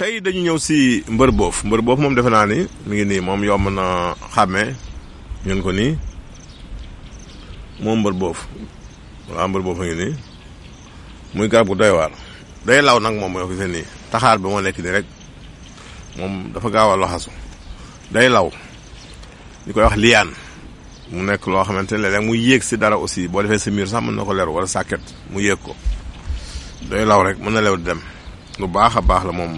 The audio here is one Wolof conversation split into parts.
tey dañu ñëw si mbër boof mbër boof moom defe naa ni mi ngi nii moom yomb na xàmmee ñun ko nii moom mbër boof waaw mbër boof a ngi nii muy garab gu doy waar day law nag moom yoo gisee nii taxaar bi moo nekk ni rek moom dafa gaaw a loxasu day law ñu koy wax liyaan mu nekk loo xamante ne léeg mu yéeg si dara aussi boo defee sa mur sax mën na ko leru wala sàkket mu yéeg ko day law rek mën na lew dem lu baax a baax la moom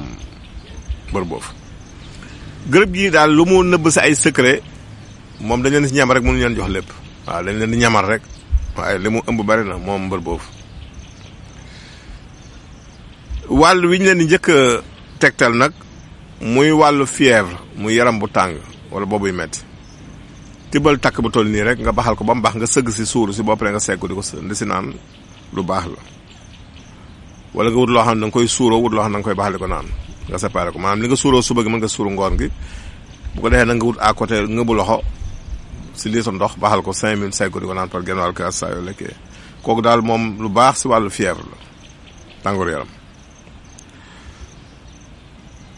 Borbof gërëb gi daal lu mu nëbb sa ay secret moom dañ leen si ñam rek mënu leen jox lépp waaw dañ leen di ñamal rek waaye li mu ëmb bari na moom mbër boofu wàll wi ñu leen di njëkk tegtal nag muy wàllu fièvre muy yaram bu tàng wala boobuy metti tibal takk bu toll nii rek nga baxal ko ba mu baax nga sëgg si suuru si boppare nga segg di ko di si naan lu baax la wala nga wut loo xam ne da nga koy suuroo wut loo xam ne da nga koy baax di ko naan nga séparé ko maanaam li nga suuroo suba gi mën nga suuru ngoon gi bu ko defee nag nga wut à côté ngëbu loxo si litre ndox baaxal ko cinq mille segg di ko naan par kooku daal moom lu baax si wàllu fièvre la tàngooru yaram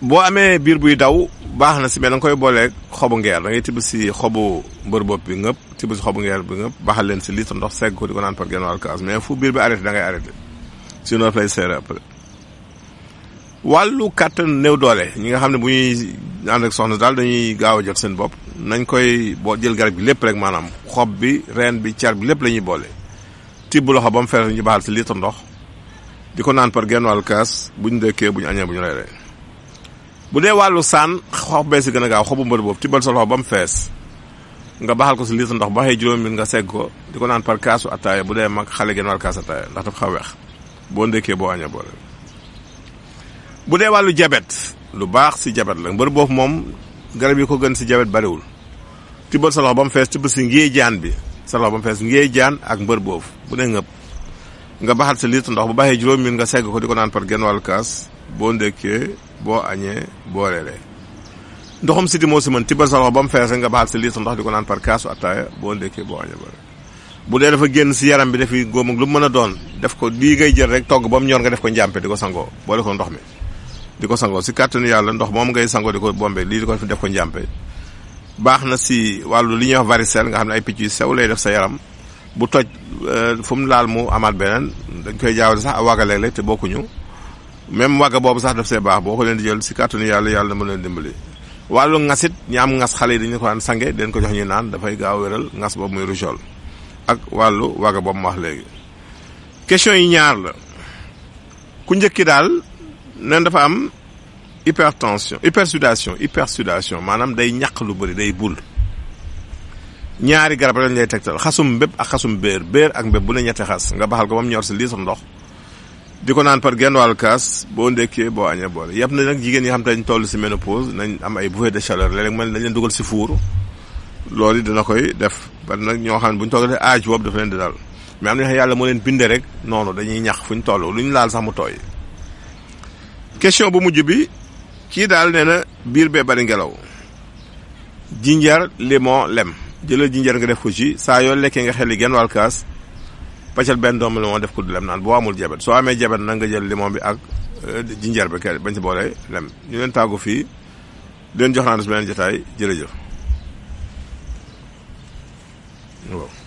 boo amee biir buy daw baax na si mais da nga koy xobu ngeer da ngay tibb si xobu mbër bopp bi ngëpp tibb si xobu ngeer bi ngëpp leen si litre ndox segg ko di ko naan par genn wàll kaas mais fu biir bi arrêté da ngay arrêté sinon daf lay seere après wàllu kàttan néew doole ñi nga xam ne bu ñuy ànd ak soxna daal dañuy gaaw a jot seen bopp nañ koy boo jël garab bi lépp rek maanaam xob bi reen bi car bi lépp la ñuy boole tibb loxo ba mu fees ñu baxal si litre ndox di ko naan par genn wàllu kaas bu ñu dëkkee bu ñu añee bu ñu reeree bu dee wàllu saan xob bee si gën gaaw xobu mbër boobu tibbal sa loxo ba mu fees nga baxal ko si litre ndox ba xëy juróom bi nga segg ko di ko naan par kaasu attaaya bu dee mag xale genn wàllu kaas attaaya ndax dafa xaw weex boo ndëkkee boo añee boole bu dee wàllu jabet lu baax si jabet la mbër boobu moom garab yi ko gën si jabet bariwul tibbal sa loxo ba mu fees tibb si ngéey jaan bi sa loxo ba mu fees jaan ak mbër boobu bu ne ngëpp nga baxal sa litre ndox bu baxee juróom min nga segg ko di ko naan par genn wàllu kaas boo ndëkkee boo añee boo reeree ndoxum siti moo si mën tibbal sa loxo ba mu nga baxal sa litre ndox di ko naan par kaas attaaya boo ndëkkee boo añee boo bu dee dafa génn si yaram bi dafi góom ak lu mën a doon def ko lii ngay jël rek togg ba mu ñor nga def ko njàmpe di ko sangoo boole ko ndox mi di ko sangoo si kàttanu yàlla ndox moom ngay sango di ko bombe lii di ko def ko njàmpe baax na si wàllu li ñuy wax varicelle nga xam ne ay picc yu sew lay def sa yaram bu toj euh, fu mu laal mu amaat beneen dañ koy jaawale sax a wagga léeg-léeg te bokkuñu même wagga boobu sax def see baax boo ko leen di jël si kàttanu yàlla yàlla mën leen dimbali wàllu ngasit ñi am ngas xale yi dañu ko daan sange dañ ko jox ñu naan dafay gaaw wéral ngas boobu muy rougeole ak wàllu wagga boobu ma wax léegi yi ñaar la neen dafa am hypertension hypersudation hypersudation maanaam day ñaq lu bëri day bul ñaari garab lañ lay tegtal xasum mbépp ak xasum béer béer ak mbépp bu ne ñetti xas nga baxal ko ba mu ñor si litre ndox di ko naan par genn wàllu kaas boo ndekkee boo añee boole yàpp na nag jigéen ñi xam te dañ toll si ménopause nañ am ay bouffées de chaleur léeg-léeg man dañ leen dugal si fuur loolu dina koy def ba nag ñoo xam bu ñu toogatee aaj boobu dafa leen di dal mais yàlla moo leen bindee rek noonu dañuy ñax fu toll lu ñu laal sax mu tooy. question bu mujj bi kii daal nee biir bee bari ngelaw jinjar limon lem jëlal jinjar nga def ko ci saa yoo lekkee nga xel yi genn wàll kaas paccal benn doomu limon def ko du lem naan boo amul jabet soo amee jabet nag nga jël limon bi ak euh, jinjar bi kër bañ si boole lem ñu leen tàggu fii leen jox naa des beneen jotaay jërëjëf waaw